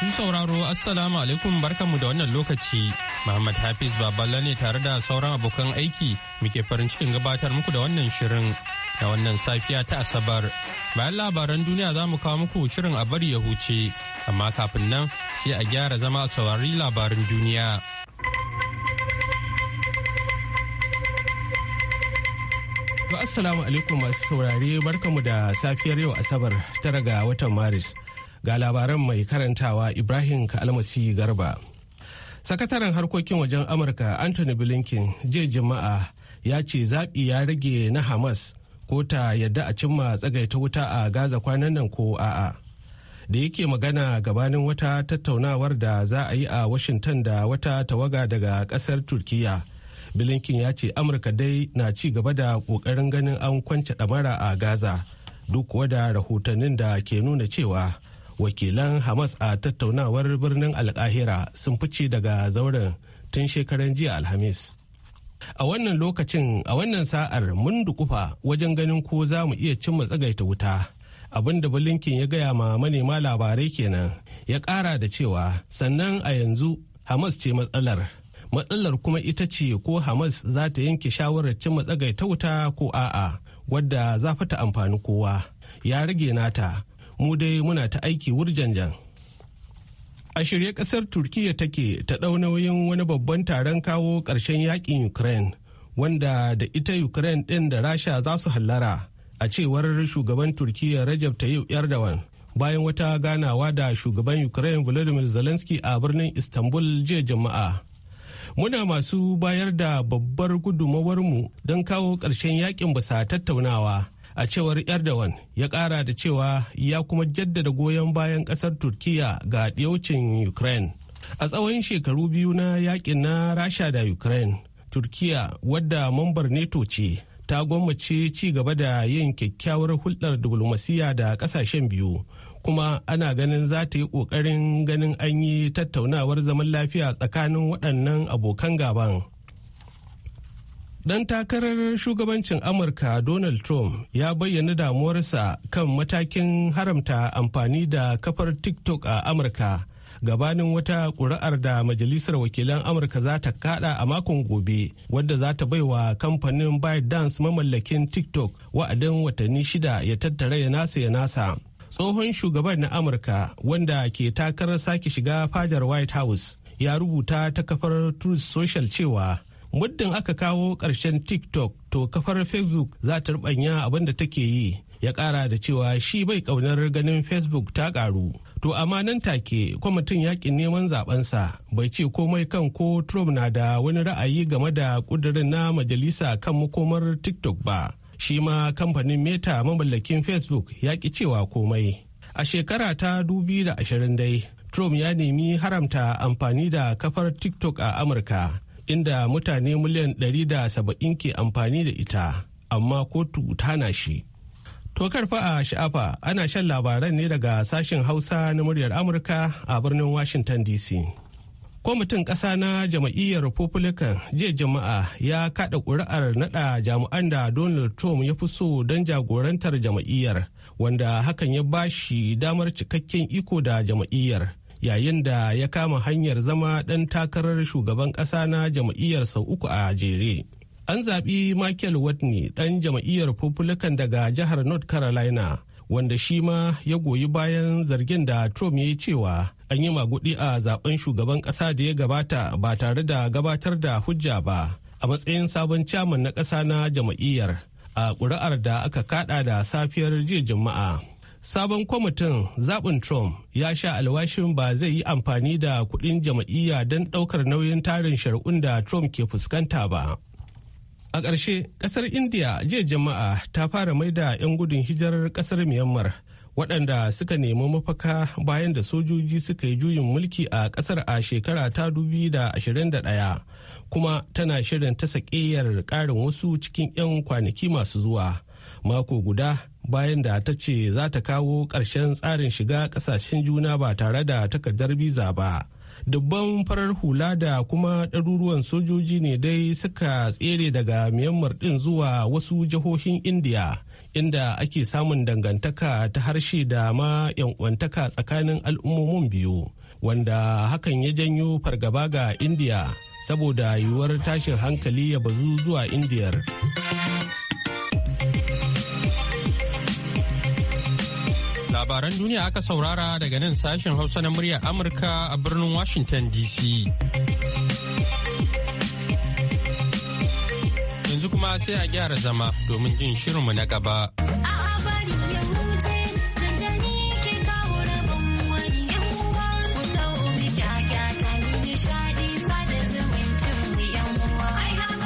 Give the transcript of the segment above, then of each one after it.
Masu sauraro Assalamu alaikum barkanmu da wannan lokaci. Muhammad Hafiz Baballa ne tare da sauran abokan aiki muke farin cikin gabatar muku da wannan shirin da wannan safiya ta Asabar. Bayan labaran duniya za mu kawo muku shirin a bari ya huce, amma kafin nan sai a gyara zama a saurari labarin duniya. Assalamu alaikum masu saurare barkamu da safiyar yau Asabar tara ga watan Maris. Ga labaran mai karantawa Ibrahim Kalmasi Garba. Sakataren harkokin wajen Amurka Anthony Blinken jiya Juma'a ya ce zaɓi ya rage na Hamas ko ta yadda a cimma tsagaita wuta a Gaza kwanan nan ko a'a. da yake magana gabanin wata tattaunawar da za a yi a washington da wata tawaga daga kasar turkiya bilinkin ya ce amurka dai na ci gaba da kokarin ganin an kwance damara a gaza duk wada rahotannin da ke nuna cewa wakilan hamas a tattaunawar birnin alkahira sun fice daga zauren tun shekaran jiya alhamis a wannan lokacin a wannan sa'ar mun dukufa wajen ganin ko za mu iya cimma tsagaita wuta abin da bulinkin ya gaya ma manema labarai kenan ya kara da cewa sannan a yanzu hamas ce matsalar matsalar kuma ita ce ko hamas za ta yanke shawarar cimma tsagaita wuta ko a'a wadda za ta amfani kowa ya rage nata mu dai muna ta aiki wurjanjan a shirye kasar turkiyya take ta ɗau nauyin wani babban taron kawo ƙarshen yakin ukraine wanda da ita ukraine ɗin da rasha za su hallara a cewar shugaban turkiyya rajab tayyip erdogan bayan wata ganawa da shugaban ukraine volodymyr zelensky a birnin istanbul jiya jama'a muna masu bayar da babbar mu don kawo ƙarshen yakin bisa tattaunawa a cewar erdogan ya kara da cewa ya kuma jaddada goyon bayan kasar turkiya ga diyaucin ukraine a tsawon shekaru biyu na yakin na rasha da ukraine turkiya wadda mambar neto ce ta gwammace ci gaba da yin kyakkyawar hulɗar diplomasiya da ƙasashen biyu kuma ana ganin za ta yi ƙoƙarin ganin an yi tattaunawar zaman lafiya tsakanin waɗannan abokan gaban Ɗan takarar shugabancin Amurka Donald Trump ya bayyana damuwarsa kan matakin haramta amfani da kafar TikTok a Amurka gabanin wata ƙuri'ar da Majalisar Wakilan Amurka za ta kada a makon gobe wadda za ta baiwa kamfanin ByteDance mamallakin TikTok wa'adin watanni shida ya tattara ya nasa ya nasa. Tsohon shugaban na Amurka wanda ke takarar sake shiga fajar White House ya rubuta ta kafar Truth Social cewa muddin aka kawo ƙarshen tiktok to kafar facebook za ta rubanya abin da take yi ya ƙara da cewa shi bai ƙaunar ganin facebook ta ƙaru to amma nan take kwamitin yakin neman zabensa bai ce komai kan ko trump na da wani ra'ayi game da ƙudurin na majalisa kan makomar tiktok ba shi ma kamfanin meta mamallakin facebook ya ƙi cewa komai a shekara ta ashirin dai trump ya nemi haramta amfani da kafar tiktok a amurka inda mutane miliyan 170 ke amfani da ita amma kotu tana shi tokar fa a sha'afa ana shan labaran ne daga sashen hausa na muryar amurka a birnin washington dc kwamitin ƙasa na jama'iyyar republican jiya jama'a ya kaɗa ƙuri'ar naɗa jami'an da donald trump ya fi so don jagorantar jama'iyyar wanda hakan ya ba shi damar cikakken iko da jama'iyyar yayin da ya kama hanyar zama ɗan takarar shugaban ƙasa na jam'iyyar sau uku a jere. An zaɓi Michael Watney ɗan jam'iyyar Republican daga jihar North Carolina wanda shi ma ya goyi bayan zargin da Trump ya yi cewa an yi maguɗi a zaben shugaban ƙasa da ya gabata ba tare da gabatar da hujja ba a matsayin sabon caman na ƙasa na jam'iyyar a ƙuri'ar da aka kaɗa da safiyar jiya Juma'a. sabon kwamitin zaɓin trump ya sha alwashin ba zai yi amfani da kuɗin jam'iyya don ɗaukar nauyin tarin shari'un da trump ke fuskanta ba a ƙarshe ƙasar india jiya jama'a ta fara maida 'yan gudun hijirar ƙasar myanmar waɗanda suka nemi mafaka bayan da sojoji suka yi juyin mulki a ƙasar a shekara ta ɗaya kuma tana shirin ta saƙeyar ƙarin wasu cikin 'yan kwanaki masu zuwa. mako guda bayan da ta ce za ta kawo ƙarshen tsarin shiga ƙasashen juna ba tare da takardar biza ba. Dubban farar hula da kuma ɗaruruwan sojoji ne dai suka tsere daga Myanmar ɗin zuwa wasu jihohin Indiya. inda ake samun dangantaka ta harshe da ma yankwantaka tsakanin al'ummomin biyu wanda hakan ya janyo fargaba ga indiya saboda yiwuwar tashin hankali ya bazu zuwa indiyar. labaran duniya aka saurara daga nan sashen Hausa na murya Amurka a birnin Washington DC. Yanzu kuma sai a gyara zama domin jin shirinmu na gaba.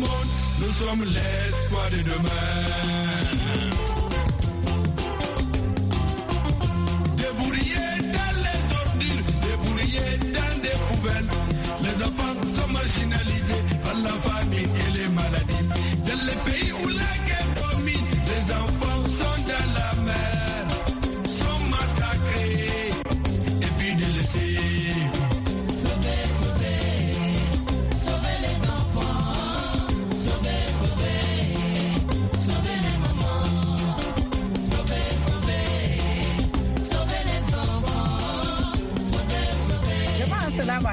Nous sommes l'espoir de demain.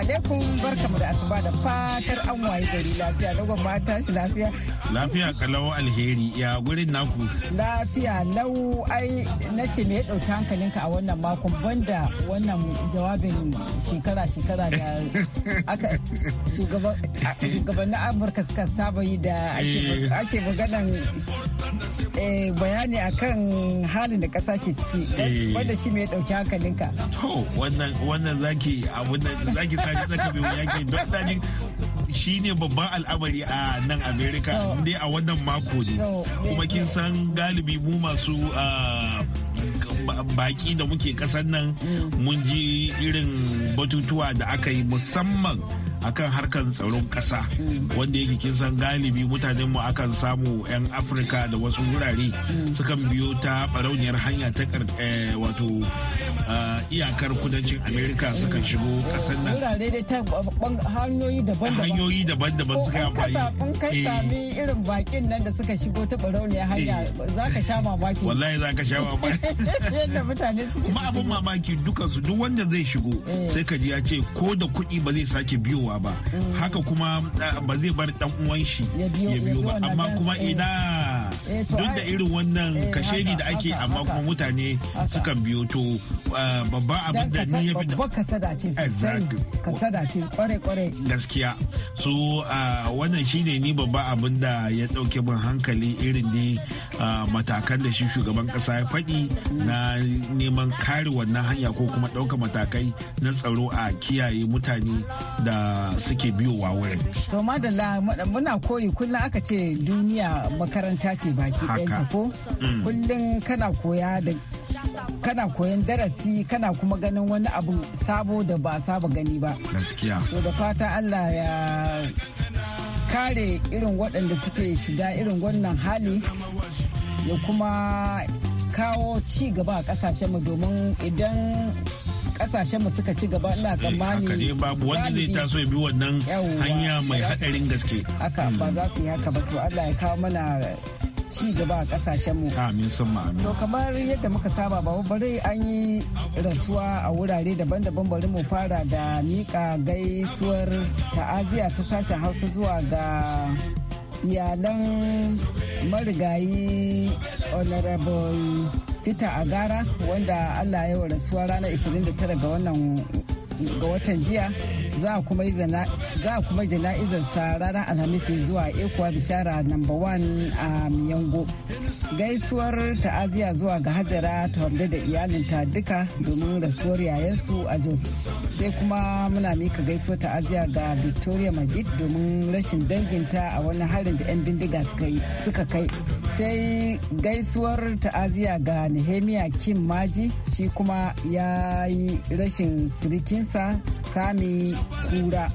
alaikum barkamu da asuba da fatar an waye gari lafiya na gwamma tashi lafiya. Lafiya kalau alheri ya gurin naku. Lafiya lau ai na ce me ya ɗauki hankalinka a wannan makon banda wannan jawabin shekara-shekara da aka shugabannin Amurka suka saba yi da ake eh. maganan eh, bayani akan halin da ƙasa ke ciki. Eh. Wanda shi me ya ɗauki hankalinka. To wannan zaki abun zaki sa kaji saka bai wuya ke don dajin shi ne babban al'amari a nan amerika dai a wannan mako ne kuma kin san galibi mu masu uh, baki da muke kasan nan mm. mun ji irin batutuwa da aka yi musamman akan harkar tsaron kasa. wanda yake kin san galibi mutanen mu akan samu 'yan afirka da wasu wurare sukan biyo ta barauniyar hanya ta eh, wato eh, iyakar kudancin amerika suka shigo kasar nan hanyoyi daban-daban suka amfani kai sami eh. irin bakin nan da suka shigo ta barauniyar hanya za ka sha mamaki wallahi za ka sha mamaki yadda mutane suke ma abin mamaki dukansu duk wanda zai shigo sai ka ji ya ce ko da kuɗi ba zai sake biyowa ba haka kuma eh, ba zai bar dan uwan shi ya biyo ba amma kuma eh. ina duk da irin wannan eh, kashegi da ake amma kuma mutane sukan biyo to eh, babban abin da ni ya fi da kasada ce kasada ce kware kware gaskiya so eh, wannan shine ni babban abin da ya dauke min hankali irin ne matakan da shi shugaban kasa ya faɗi na neman kare wannan hanya ko kuma ɗauka matakai na tsaro a kiyaye mutane da suke biyowa wurin. To madalla muna koyi kullum aka ce duniya makaranta ce ba baki ɗayanta ko mm. kullum kana koya da kana koyan darasi kana kuma ganin wani abu sabo da ba saba gani ba gaskiya to da fata Allah ya kare irin waɗanda suke shiga irin wannan hali ya kuma kawo ci gaba a kasashen mu domin idan kasashen mu suka ci gaba ina eh, tsammani haka ne babu wanda zai taso ya bi wannan hanya mai haɗarin gaske haka ba za mm. su yi haka ba to Allah ya kawo mana ci gaba a kasashen mu amin summa amin to kamar yadda muka saba ba bari an yi rasuwa a wurare daban-daban bari mu fara da mika gaisuwar ta'aziya ta sashen hausa zuwa ga iyalan marigayi honorable peter agara wanda allah ya rasuwa ranar 29 ga wannan ga watan jiya za a kuma jana'izar sa ranar alhamis mai zuwa ekuwa bishara number one a miyango gaisuwar ta'aziya zuwa ga hadara ta da iyalinta duka domin rasuwar yayansu a jos sai kuma muna mika gaisuwar ta'aziya ga victoria magid domin rashin danginta a wani harin da 'yan bindiga suka kai sai gaisuwar ta'aziya ga nehemia kim maji shi kuma ya yi rashin sirikin gaisuwansa sami kura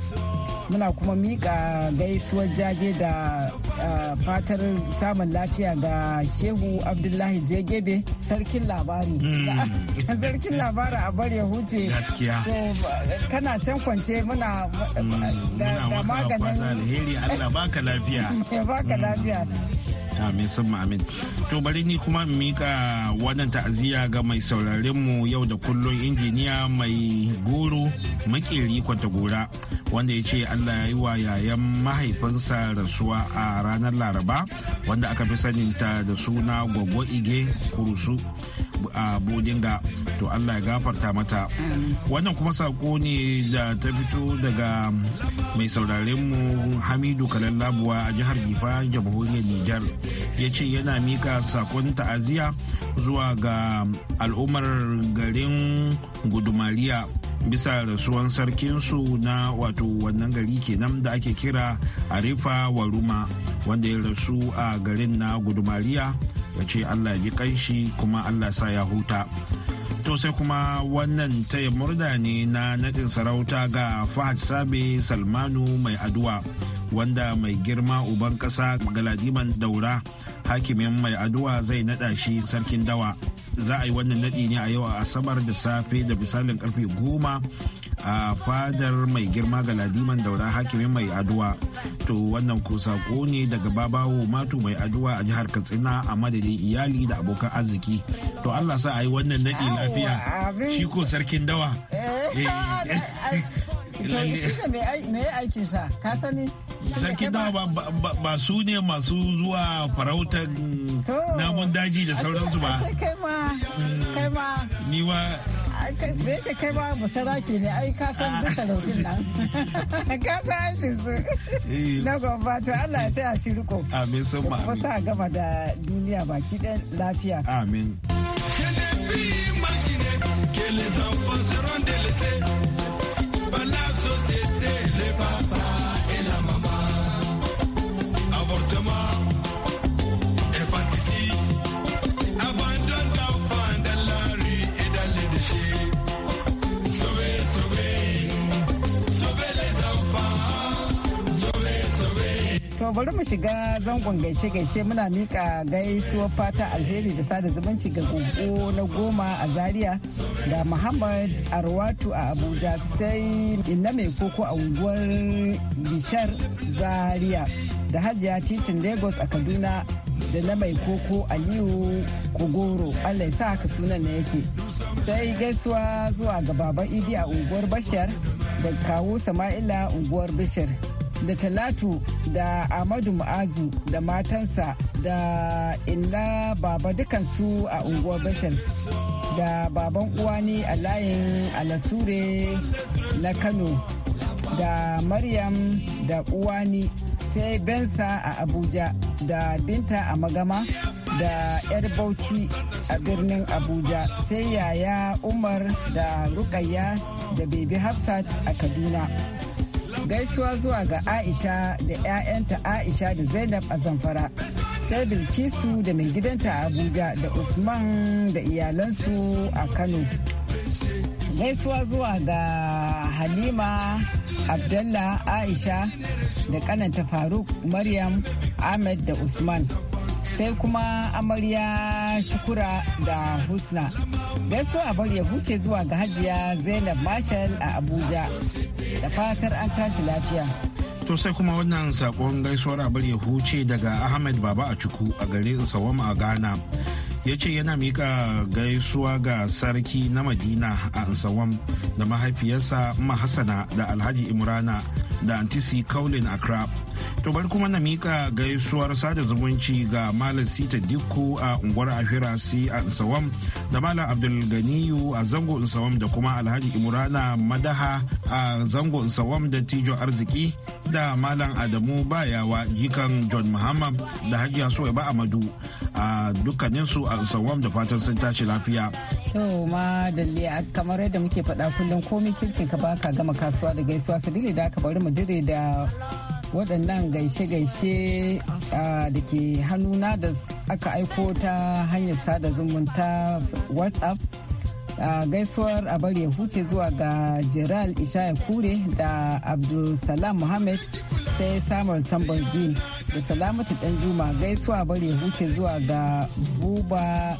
muna kuma miƙa gaisuwar jaje da fatar samun lafiya ga shehu abdullahi jegebe sarkin labari hmm. sarkin labari a bar ya huce kana can kwance muna hmm, da maganin ya baka lafiya hmm. Amin sun amin. To bari ni kuma in mika wannan ta'aziyya ga mai sauraren mu yau da kullum injiniya mai goro makeri kwata gora wanda ya ce Allah ya yi wa yayan mahaifinsa rasuwa a ranar Laraba wanda aka fi saninta da suna Gwaggo Ige Kurusu. a bodinga to allah ya gafarta mata wannan kuma sako ne da ta fito daga mai sauraren hamidu kalallabuwa a jihar gifa jamhuriyar nijar ya ce yana mika sakon ta'aziya zuwa ga al'ummar garin gudumariya bisa rasuwan sarkinsu na wato wannan gari kenan da ake kira arifa waruma wanda ya rasu a garin na gudumariya ya ce allah ya ji kanshi kuma allah sa ya huta To sai kuma wannan taya murna ne na naɗin sarauta ga Fahad Sabe Salmanu mai aduwa wanda mai girma uban ƙasa Galadiman Daura hakimin mai aduwa zai naɗa shi sarkin dawa. Za a yi wannan naɗi ne a yau a Asabar da safe da misalin karfe goma a fadar mai girma ga daura hakimin mai aduwa to wannan ko sako ne daga babawo matu mai aduwa a jihar katsina a madadin iyali da abokan arziki to allah sa a yi wannan naɗi lafiya lafiya shi ko sarkin dawa eh, eh, sarkin dawa ba su ne masu zuwa farautar namun daji da sauransu ba kai ni ma kai ba ne ai ka san ah. duka nan ka su eh. na gwamba to Allah ya taya shi riko amin sun gama da duniya baki ɗaya lafiya Be my Kele Zampa Seronde To bari mu shiga zangon gaishe-gaishe muna mika gaisuwar fata alheri da sada zumunci ga gogo na goma a Zaria da Muhammad Arwatu a Abuja sai inna mai koko a unguwar Bishar Zaria da Hajiya Titin Lagos a Kaduna da na mai koko Aliyu Kogoro Allah sa haka sunan na yake. Sai gaisuwa zuwa ga baban Idi a unguwar Bashar da kawo Sama'ila unguwar Bishar. da talatu da amadu mu'azu da matansa da inna baba dukansu a unguwar bashan da baban uwa ne a layin alasure na kano da maryam da uwani sai bensa a abuja da binta a magama da 'yar bauchi a birnin abuja sai yaya umar da rukayya da bebi hafsat a kaduna gaisuwa zuwa ga aisha da 'ya'yanta aisha da zainab a zamfara sai bilkisu da mai gidanta a abuja da usman da iyalansu a kano gaisuwa zuwa ga halima abdullah aisha da kananta faruk maryam ahmed da usman sai kuma amarya shukura da husna gaisuwa a ya huce zuwa ga hajiya zainab marshall a abuja da fatar an tashi lafiya to sai kuma wannan sakon gaisuwar abar ya huce daga ahmed baba a cuku a garin sawama a ghana ya ce yana mika gaisuwa ga sarki na madina a ansawam da mahaifiyarsa mahasana da alhaji imrana da antisi kaulin accra To bari kuma na mika gaisuwar sada zumunci ga Malam Sita Dikko a unguwar Afirasi a Nsawam da Malam Abdulganiyu a Zango Nsawam da kuma Alhaji imurana Madaha a Zango Nsawam da Tijo Arziki da Malam Adamu Bayawa jikan John Muhammad da Hajiya Suwaiba Amadu a dukkaninsu a Nsawam da fatan sun tashi lafiya. To ma kamar yadda muke faɗa kullum komai kirkin ka baka gama kasuwa da gaisuwa sadili da aka bari mu dire da waɗannan gaishe-gaishe da ke hannuna da aka aiko ta hanyar sada zumunta whatsapp a gaisuwar a bari ya huce zuwa ga jeral ishaya kure da abdulsalam muhammad sai samuel sambon da salamatu dan juma gaisuwa bari ya huce zuwa ga buba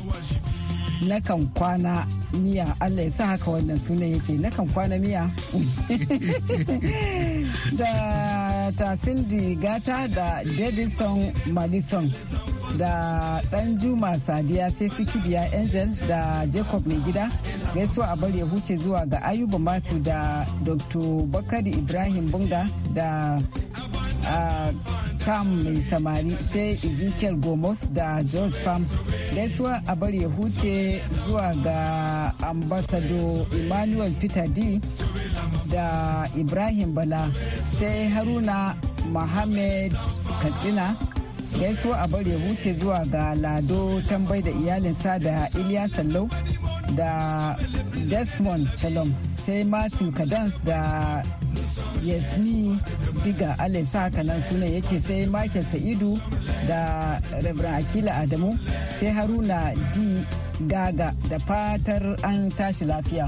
na kan kwana miya Allah ya sa haka wannan sunan yake na kan kwana miya da tasindi gata da davidson madison da dan juma sadiya sai sikidiya angel da jacob mai gida gaisuwa a bari ya huce zuwa ga ayuba matu da dr bakari ibrahim bunga da sam mai samari sai ezekiel gomos da george farm gaisuwa a bari ya huce zuwa ga ambasado emmanuel peter d da ibrahim bala sai haruna mohammed katsina gaisuwa a ya wuce zuwa ga lado tambayi da iyalinsa da iliya sallau da desmond chalom sai matthew kadans da yasmi diga alisa kanan suna yake sai michael sa'idu da rabin akila adamu sai haruna d gaga da fatar an tashi lafiya.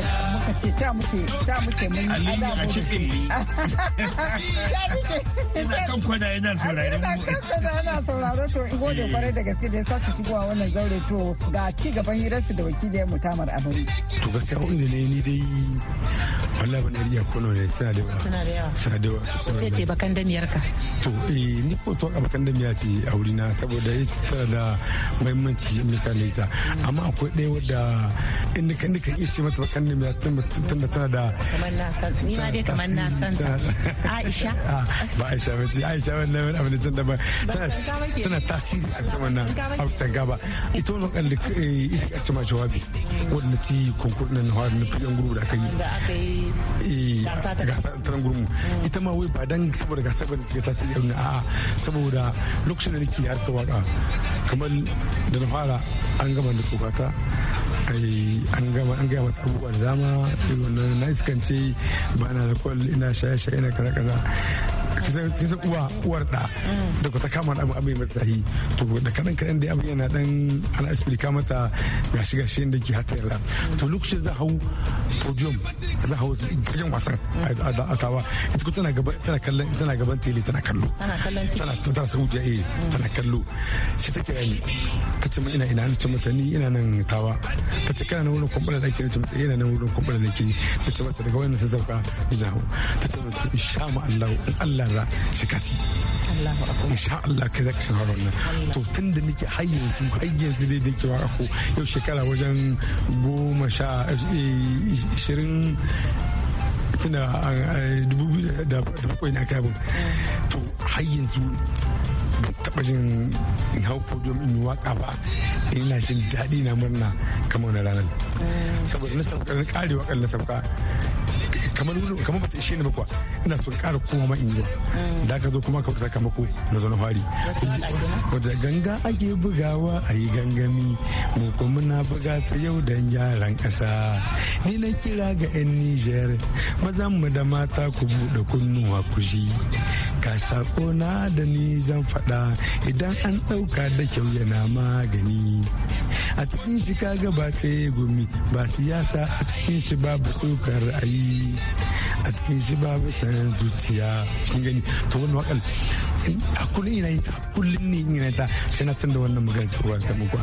da muka ce ta muke ta muke mun ala a cikin ina kan kwana ina saurare ina kan kwana ina saurare to in gode kwarai da gaske da sake shigowa wannan zaure to ga ci gaban hirarsu da wakiliyar mutamar abin to gaskiya wanda ne ni dai Allah n'a iya kono ne suna da yawa. Suna da yawa. Suna da yawa. Sai ce bakan damiyar ka. To eh ni ko to a bakan damiya ce a wuri na saboda tana da muhimmanci misali ta amma akwai ɗaya wadda in ka nika iya ce mata bakan damiya tunda tana da. Kamar na san ni ma dai kamar na san Aisha. Ah, ba Aisha ba ce Aisha wannan wani abu ne tunda ba tana tasiri a kan wannan abu tanga ba ita wannan kan da eh, ita ce ma jawabi wadda ta yi konkurin na hawa na fiyan guru da aka yi. Eh, gasa ta gurmu ita ma wai ba dan saboda gasa ba ta tasiri ne a saboda lokacin da nake harka waka kamar da na fara an gama da tsokata an gama an gaya mata abubuwa da dama na iskance ba na da kwal ina shaye-shaye ina kaza-kaza sai sai uwa uwar da da ku ta kama da abin mai tsayi to da kadan kadan da abin yana dan ana explica mata ga shiga shi inda ke hata yalla to lokacin za hau podium za hau gajen wasan a tawa ita ku tana gaba tana kallon tana gaban tele tana kallo tana tana sauja eh tana kallo sai take kira ni ta ina ina ni ce mata ni ina nan tawa ta kana nan wurin kwamfura da kike mata ina nan wurin kwamfura da kike ta mata daga wannan sai zauka ni za hau ta ce mata insha Allah Allah kati in sha Allah ka zaka shahara wannan to tun da nake har yanzu har yanzu dai nake waka ko yau shekara wajen goma sha eh, ishirin a eh, dubu da bakwai na kai to har yanzu ban taɓa jin in hau podium in waka ba ina jin daɗi na murna kamar na ranar eh. saboda na sauka na ƙarewa kan na sauka kamar wuri kamar bata ishe ni ba kuwa ina son ƙara koma ma in yi da ka zo kuma ka kama kamako na zo na fari wata ganga ake bugawa a yi gangami mu kuma muna buga ta yau da yaran ƙasa ni na kira ga 'yan Nijar mazan mu da mata ku buɗe kunnuwa ku ji haka sako na da ni zan fada idan an ɗauka da kyau yana magani a cikin shi kaga ba tsaye gumi ba siyasa a cikin shi babu tsokar ra'ayi a cikin shi babu san zuciya cikin gani to wani wakal kai a kullum ina yi kullum ne ina ta sai na tunda wannan magana ta ruwa ta muku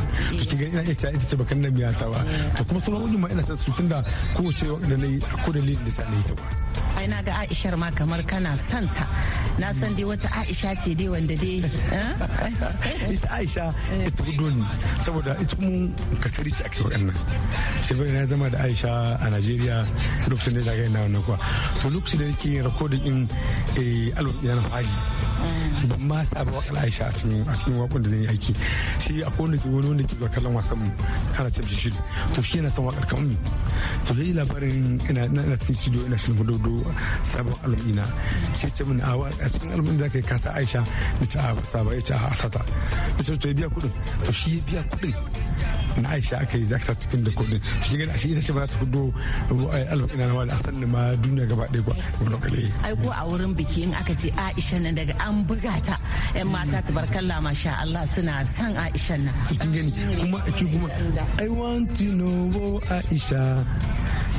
to kin ga ina ita ita ce bakan nan biya ta ba to kuma sunan ujin ma ina san su tunda kowace wanda yi a ko da ta na yi ta ba ai na ga Aishar ma kamar kana santa na san dai wata Aisha ce dai wanda dai eh? ita Aisha ita gudu ne saboda ita mu kakari ce ake waɗannan sai bai na zama da Aisha a Najeriya lokacin da zagaye na wannan kuwa to lokacin da yake rakodin in eh, album ina na fari mm. ban ma saba wakar aisha a cikin a cikin wakon da zan yi aiki shi a kowane ke wani wanda ke zuwa kallon wasan mu ana cin shi shiri to shi yana son wakar kamun to yi labarin ina ina shi studio ina shirin hudodo sabon album ina shi ce min a cikin album za ka yi kasa aisha da ta saba ya ce a sata da ce to ya biya kudin to shi ya biya kudin na aisha aka yi za ka cikin da kudin shi gani a shi ita ce ba za ta kudo eh, album ina na wani asalin ma duniya gaba ɗaya Ko wani kwale. ai ko a wurin biki in aka ce aisha nan daga an buga gata yan mata tabarkalla masha Allah suna san Aisha nan kin gani kuma ki kuma I want to know Aisha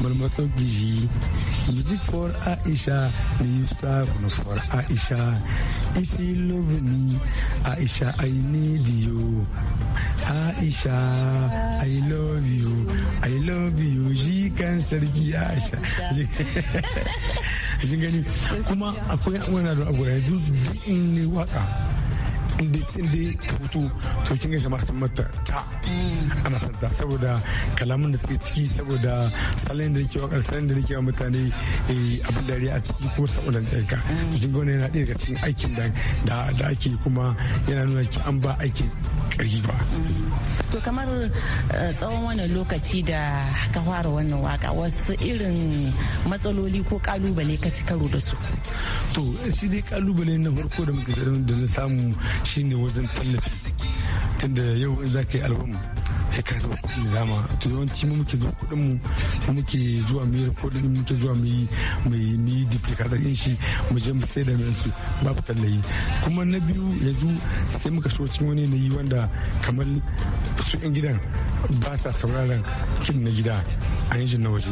malmatsar gishi music for Aisha the user for Aisha if you love me Aisha I need you Aisha I love you I love you she kan sarki Aisha kin gani kuma akwai wani abu a yanzu in ni waka in dai ta fito to kin ga jama'a sun mata ta ana santa saboda kalaman da suke ciki saboda salon da yake wakar salon da yake wa mutane eh, abin dariya a ciki kuma saboda daika to kin ga ne yana ɗaya daga cikin aikin da da ake kuma yana nuna ki an ba aikin ƙarfi ba to kamar eh, tsawon wannan lokaci da ka fara wannan waka wasu irin matsaloli ko kalubale ka ci karo da su to shi dai kalubale na farko da muke da na samu shine wajen tallafi tunda yau in za ka yi album ya ka zuba kudin da dama to yawanci mu muke zuwa kudin mu muke zuwa mu yi rikodin mu muke zuwa mu yi mu yi duplicator din shi mu je mu sai da nan su babu tallayi kuma na biyu yanzu sai muka shigo cikin wani yi wanda kamar su 'yan gidan ba sa sauraron kin na gida a yanzu na waje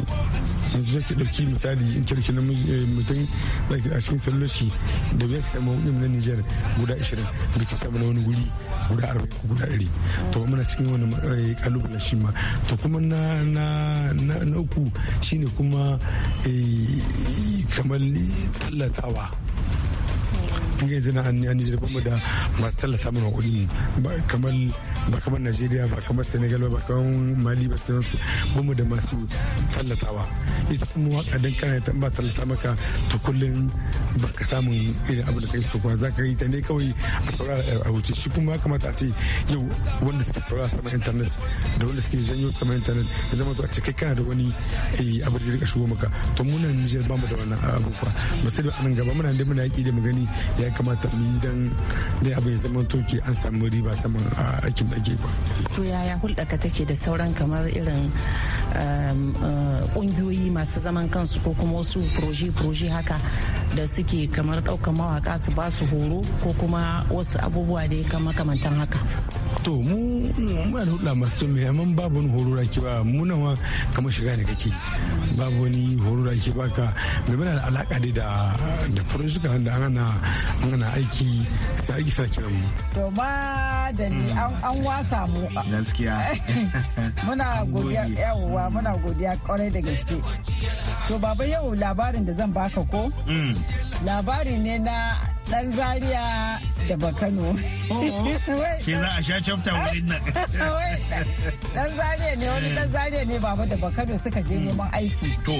yanzu zai ki ɗauki misali in kirki na eh, mutum za ki a cikin salloshi da ya samu yin na Nijar guda 20 da ke samu na wani guri guda 40 ko guda 100 to muna cikin wani eh, kalubalen shi ma to kuma na na uku shine kuma eh, kamar tallatawa an yanzu na an an jirgin mu da masu tallata mana kuɗi ba kamar ba kamar Najeriya ba kamar Senegal ba kamar Mali ba kamar ba bamu da masu tallatawa ita kuma waka don kana ta ba tallata maka to kullum ba ka samun irin abu da kai so kuma za ka yi ta ne kawai a saurara a wuce shi kuma kamata a ce yau wanda suke saurara sama internet da wanda suke janyo sama internet ya zama to a ce kai kana da wani eh, abu da ya rika shigo maka to muna Nijar ba mu da wannan abubuwa ba sai da anan gaba muna da muna yaƙi da mu gani ya kamata mu yi dan da abu ya zama toki an samu riba saman aikin da ake ba. To yaya hulɗa ka take da sauran kamar irin um, uh, ƙungiyoyi masu zaman kansu ko kuma wasu proje-proje haka da suke kamar ɗaukar mawaka su ba su horo ko kuma wasu abubuwa da ya kama kamantan haka. To mu muna da hulɗa masu mai amma babu wani horo da ke ba muna ma kamar shiga ne kake babu wani horo da ke ba ka da da alaƙa da da furin suka da ana ana aiki sai aiki sa kiran mu to ma da ni mm. an wasa mu gaskiya muna godiya yawwa muna godiya kwarai da gaske to baba yau labarin da zan baka ko mm. labari ne na dan zaria da bakano oh. ke za a sha chapter wurin nan dan zaria ne wani dan zaria ne baba da bakano suka je mm. neman aiki to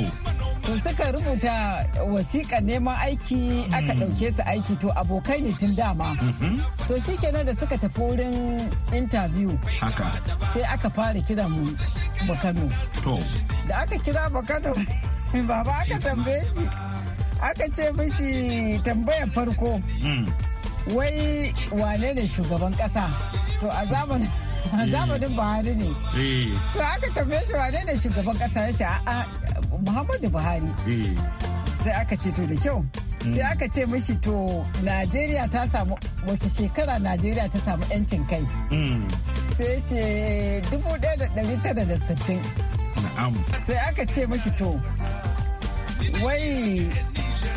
to suka rubuta wasiƙa neman aiki hmm. aka ɗauke su aiki to abokai ne tun dama hmm. to shi kenan da suka tafi wurin interview haka sai aka fara kira mu bakano da aka kira bakano baba aka tambaye shi aka ce mishi tambayar farko hmm. wai wane ne shugaban ƙasa to a zamanin zamanin buhari ne eh. to aka tambaye shi wane ne shugaban kasa ya ce a muhammadu buhari eh. sai aka ce to da kyau mm. sai aka ce mishi to najeriya ta samu wace shekara najeriya ta samu yancin kai mm. sai ce dubu 1960 sai aka ce mishi to wai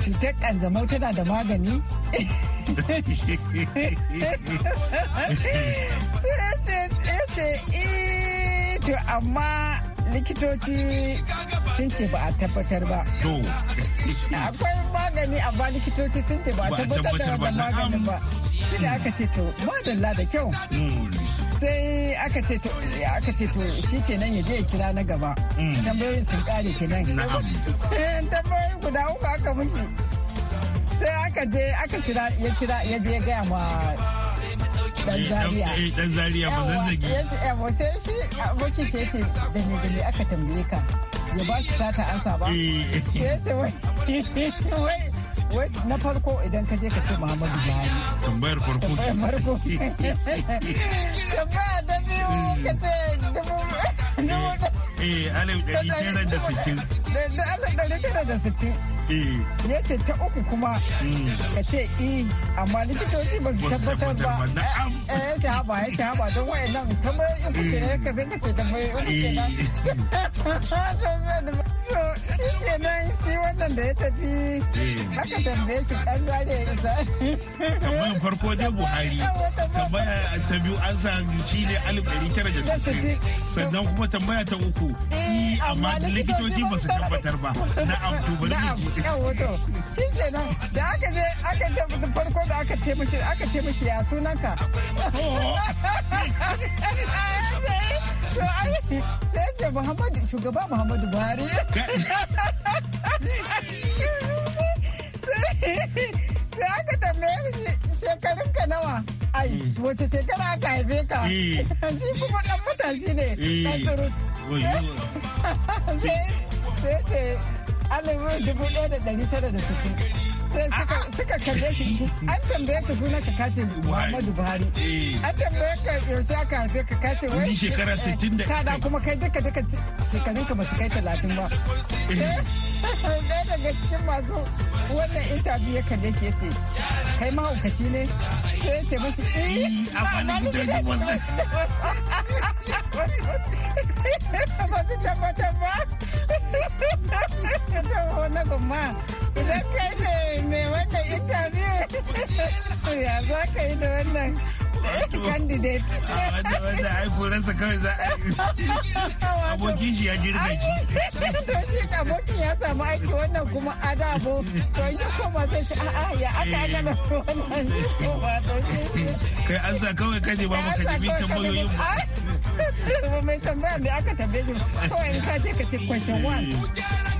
cutar kanzamau tana da magani Ese to amma likitoci sun ce ba a tabbatar ba. To. Akwai magani amma likitoci sun ce ba a tabbatar da maganin ba. Shi da aka ce to madalla da kyau. Sai aka ce to aka ce to shi kenan ya yaje ya kira na gaba. Tambayoyin sun kare Na'am. Tambayoyin guda uku aka mutu. sai aka je aka kira ya kira ya je gaya ma dan eh, zaria zan eh, zaria ba ce ɗan sai shi aboki sai ce da ne da ne aka tambaye ka ya ba shi sata ansa ba eh. ya ce wai wai na farko idan ka je ka ce Muhammadu Buhari tambayar farko tambayar farko tambaya da biyu ka ce dubu dubu eh alif ɗari tara da sittin ɗari tara da sittin. E. Ya ce ta uku kuma mm. ka ce i e. amma likitoci ba su tabbatar ba. Ya ce eh, eh, haba ya eh, ce haba don wayan nan tambayoyin kuke ne ka sai tambayoyin kuke nan. kenan shi wannan da ya tafi haka eh. tambaye shi dan zare ya isa tambayan farko dai buhari tambaya ta biyu an sa shi ne alif ɗari tara da sittin sannan kuma tambaya ta uku eh, e, amma likitoci ba su tabbatar ba na amtu ba na amtu shi kenan da aka je aka je farko da aka ce mishi aka ce mishi ya sunanka oh. sai ce muhammadu shugaba muhammadu buhari sai aka tambaye shekarun ka nawa ai hmm. wace shekara aka haife ka hmm. shi kuma matashi ne hmm. sai ce dubu ɗaya da ɗari tara da sittin suka kalle shi an tambaye ka suna ka kace Muhammadu Buhari eh. an tambaye ka yaushe aka haife ka kace wai shekara 60 eh, da kada kuma kai duka duka shekarun ka ba su kai 30 ba eh. ɗaya daga cikin masu wannan intabi ya kalle shi yace kai mahaukaci ne sai ya ce masu a kwanan da wannan ba tabbatar ba ta wani oh, gumma idan kai ne mai wannan intabi ya za ka yi da wannan candidate ah, wanda ai kuransa kawai za a abokin shi ya jirga shi abokin ya samu aiki wannan kuma adabo to yi koma sai shi a'a ya aka eh. ana da wannan kai an sa kawai kaje ba maka jibi tambayoyin ba mai tambaya da aka tambaye kawai in ka je ka ce question one eh.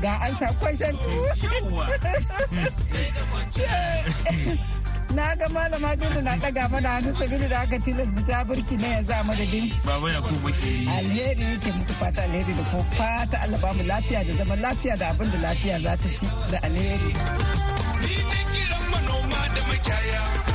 ga an sa question two na ga malama gudu na ɗaga mana hannu sabili da aka da ta burki na yanzu a madadin baba ya kuma ke alheri yake muku fata alheri da ko fata Allah ba mu lafiya da zama lafiya da abin da lafiya za ta ci da alheri ni ne kiran manoma da makiyaya